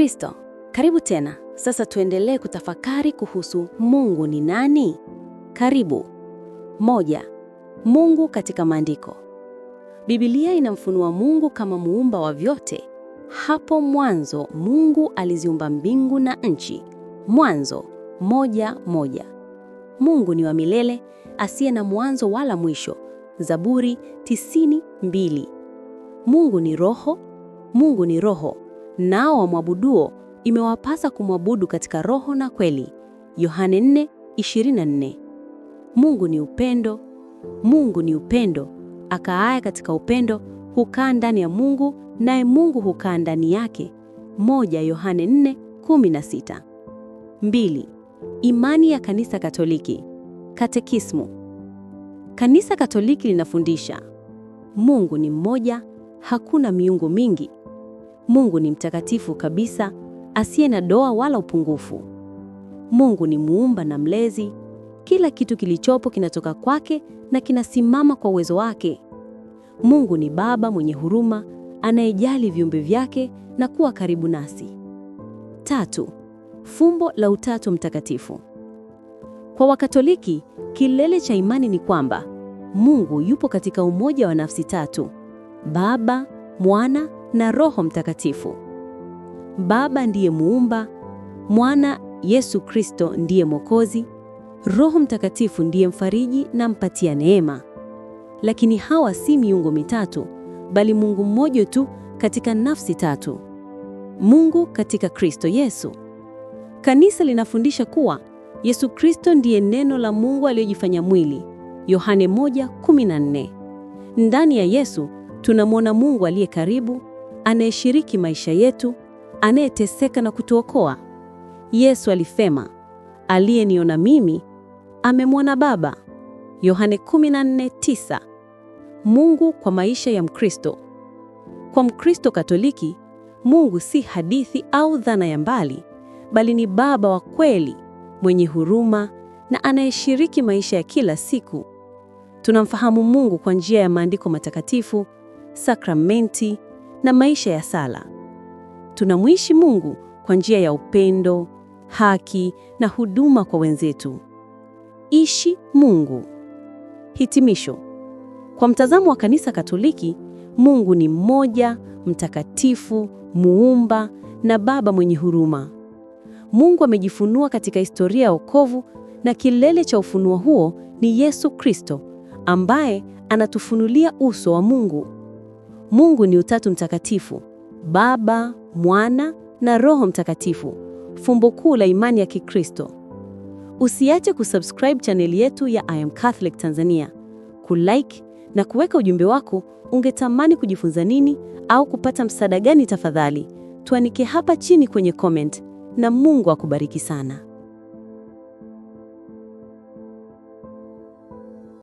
kristo karibu tena. Sasa tuendelee kutafakari kuhusu Mungu ni nani? Karibu. Moja, Mungu katika maandiko. Biblia inamfunua Mungu kama muumba wa vyote. Hapo mwanzo Mungu aliziumba mbingu na nchi. Mwanzo moja moja. Mungu ni wa milele, asiye na mwanzo wala mwisho. Zaburi tisini mbili. Mungu ni roho. Mungu ni roho nao wamwabuduo imewapasa kumwabudu katika roho na kweli. Yohane 4:24. Mungu ni upendo. Mungu ni upendo. Akaaya katika upendo hukaa ndani ya Mungu naye Mungu hukaa ndani yake. Moja Yohane 4:16. 2. Imani ya Kanisa Katoliki. Katekismu. Kanisa Katoliki linafundisha Mungu ni mmoja, hakuna miungu mingi. Mungu ni mtakatifu kabisa, asiye na doa wala upungufu. Mungu ni muumba na mlezi. Kila kitu kilichopo kinatoka kwake na kinasimama kwa uwezo wake. Mungu ni Baba mwenye huruma, anayejali viumbe vyake na kuwa karibu nasi. Tatu, fumbo la Utatu Mtakatifu. Kwa Wakatoliki, kilele cha imani ni kwamba Mungu yupo katika umoja wa nafsi tatu: Baba, Mwana na Roho Mtakatifu. Baba ndiye muumba, Mwana Yesu Kristo ndiye Mwokozi, Roho Mtakatifu ndiye mfariji na mpatia neema. Lakini hawa si miungu mitatu, bali Mungu mmoja tu katika nafsi tatu. Mungu katika Kristo Yesu. Kanisa linafundisha kuwa Yesu Kristo ndiye neno la Mungu aliyojifanya mwili. Yohane 1:14. Ndani ya Yesu tunamwona Mungu aliye karibu, anayeshiriki maisha yetu, anayeteseka na kutuokoa. Yesu alisema, aliyeniona mimi amemwona Baba, Yohane 14:9. Mungu kwa maisha ya Mkristo. Kwa Mkristo Katoliki, Mungu si hadithi au dhana ya mbali, bali ni Baba wa kweli, mwenye huruma na anayeshiriki maisha ya kila siku. Tunamfahamu Mungu kwa njia ya maandiko matakatifu, sakramenti na maisha ya sala. Tunamwishi Mungu kwa njia ya upendo, haki na huduma kwa wenzetu. Ishi Mungu. Hitimisho. Kwa mtazamo wa Kanisa Katoliki, Mungu ni mmoja, mtakatifu, muumba na Baba mwenye huruma. Mungu amejifunua katika historia ya wokovu na kilele cha ufunuo huo ni Yesu Kristo ambaye anatufunulia uso wa Mungu. Mungu ni Utatu Mtakatifu, Baba, Mwana na Roho Mtakatifu, fumbo kuu la imani ya Kikristo. Usiache kusubscribe chaneli yetu ya I am Catholic Tanzania, kulike na kuweka ujumbe wako. Ungetamani kujifunza nini au kupata msaada gani? Tafadhali tuanike hapa chini kwenye comment, na Mungu akubariki sana.